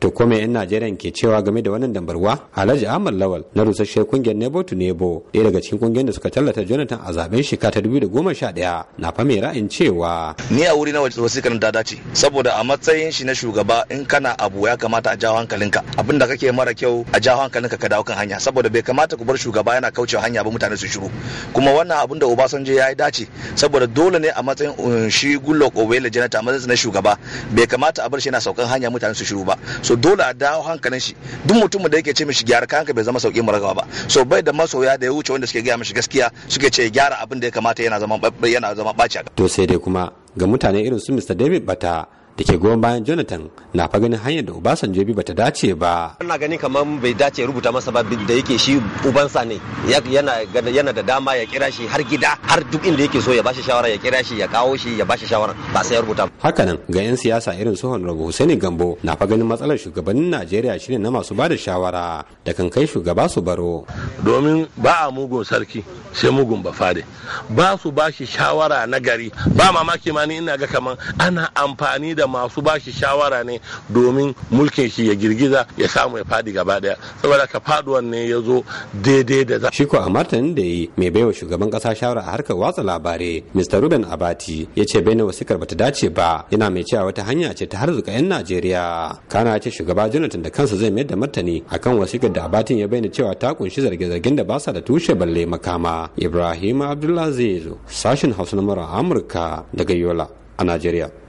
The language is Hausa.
To kome 'yan Najeriya ke cewa game da wannan dambarwa? Alhaji Ahmad Lawal na rusasshen kungiyar Nebo to Nebo, ɗaya daga cikin kungiyar da suka tallata Jonathan a zaben shekara ta 2011 na fami rain ra'ayin cewa ni a wuri na wasikar ta dace saboda a matsayin shi na shugaba in kana abu ya kamata a jawo hankalinka abinda kake mara kyau a jawo hankalinka ka dawo kan hanya saboda bai kamata ku bar shugaba yana kaucewa hanya ba mutane su shiru kuma wannan abin da Obasanjo ya yi dace saboda dole ne a matsayin uh, shi gullo Obele Jonathan a matsayin na shugaba bai kamata a bar shi yana saukan hanya mutane su shiru ba so dole a dawo hankalin shi duk mutumin da yake ce mishi gyara kanka bai zama sauki marakawa ba so bai da masoya da ya wuce wanda suke gaya mishi gaskiya suke ce gyara abin da ya kamata yana zama yana zama ɓaci to sai dai kuma ga mutane irin su Mr David Bata da ke goyon bayan jonathan na fa ganin hanyar da obasanjo bi bata dace ba ina gani kamar bai dace rubuta masa ba da yake shi ubansa ne yana da dama ya kira shi har gida har duk inda yake so ya bashi shawara ya kira shi ya kawo shi ya bashi shawara ba sai ya rubuta hakanan ga yan siyasa irin su honorable husaini gambo na fa ganin matsalar shugabannin najeriya shine na masu bada shawara da kan kai shugaba su baro domin ba a mugun sarki sai mugun ba fade ba su bashi shawara na gari ba mamaki ma ni ina ga kamar ana amfani da masu bashi shawara ne domin mulkin shi ya girgiza ya samu ya fadi gaba daya saboda ka faduwan ne ya zo daidai da za. Shiko a martanin da yi mai baiwa shugaban kasa shawara a harkar watsa labarai mr ruben abati ya ce bai wasikar bata dace ba yana mai cewa wata hanya ce ta harzuka yan najeriya kana ya ce shugaba jonathan da kansa zai mayar da martani akan wasikar da abatin ya bayyana cewa ta kunshi zarge-zargen da ba sa da tushe balle makama ibrahim abdullah zai sashen hausa na amurka daga yola a najeriya